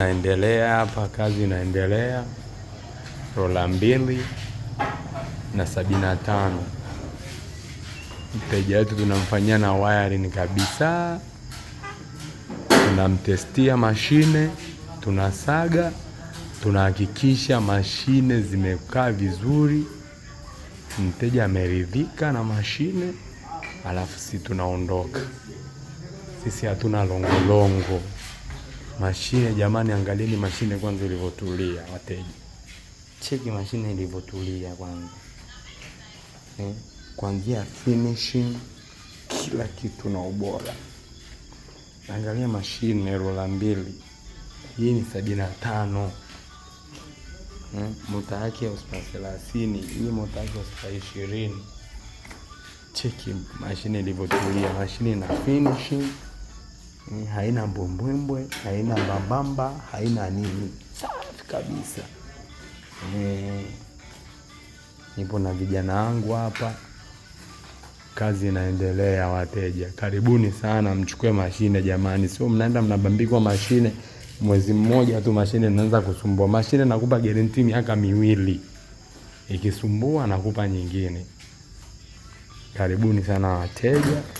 Naendelea hapa, kazi inaendelea rola mbili na sabini na tano. Mteja wetu tunamfanyia na wiring kabisa, tunamtestia mashine, tunasaga, tunahakikisha mashine zimekaa vizuri, mteja ameridhika na mashine, alafu si tunaondoka. Sisi hatuna longolongo. Mashine jamani, angalieni mashine kwanza ilivyotulia. Wateja, cheki mashine ilivyotulia kwanza eh, kuanzia finishing kila kitu na ubora. Angalia mashine rola mbili, hii ni sabini na tano eh, mota yake ya thelathini, hii mota yake ya ishirini. Cheki mashine ilivyotulia, mashine na finishing haina mbwembwembwe, haina mbambamba, haina nini, safi kabisa. E, nipo na vijana wangu hapa, kazi inaendelea. Wateja karibuni sana, mchukue mashine jamani, sio mnaenda mnabambikwa mashine mwezi mmoja tu, mashine inaanza kusumbua. Mashine nakupa guarantee miaka miwili, ikisumbua nakupa nyingine. Karibuni sana wateja.